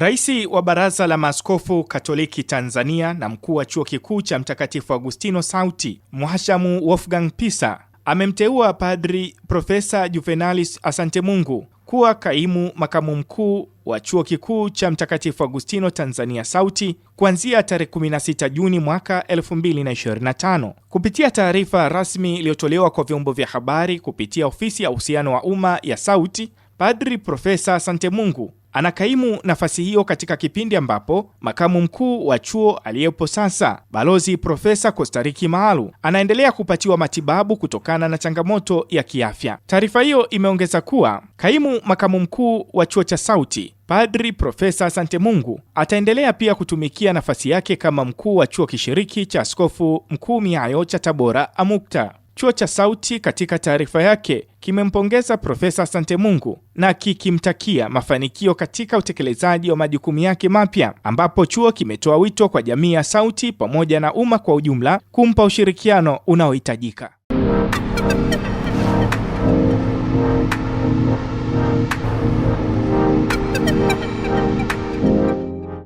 Raisi wa Baraza la maskofu Katoliki Tanzania na mkuu wa Chuo Kikuu cha Mtakatifu Agustino Sauti, Mhashamu Wolfgang Pisa amemteua Padri Profesa Juvenalis Asantemungu kuwa kaimu makamu mkuu wa Chuo Kikuu cha Mtakatifu Agustino Tanzania Sauti kuanzia tarehe 16 Juni mwaka 2025. Kupitia taarifa rasmi iliyotolewa kwa vyombo vya habari kupitia ofisi ya uhusiano wa umma ya Sauti, Padri Profesa Asantemungu Anakaimu nafasi hiyo katika kipindi ambapo makamu mkuu wa chuo aliyepo sasa Balozi Profesa Kostariki Maalu anaendelea kupatiwa matibabu kutokana na changamoto ya kiafya. Taarifa hiyo imeongeza kuwa kaimu makamu mkuu wa chuo cha Sauti Padri Profesa Asante Mungu ataendelea pia kutumikia nafasi yake kama mkuu wa chuo kishiriki cha Askofu Mkuu miayo cha Tabora, amukta Chuo cha Sauti katika taarifa yake kimempongeza Profesa Asante Mungu na kikimtakia mafanikio katika utekelezaji wa majukumu yake mapya, ambapo chuo kimetoa wito kwa jamii ya Sauti pamoja na umma kwa ujumla kumpa ushirikiano unaohitajika.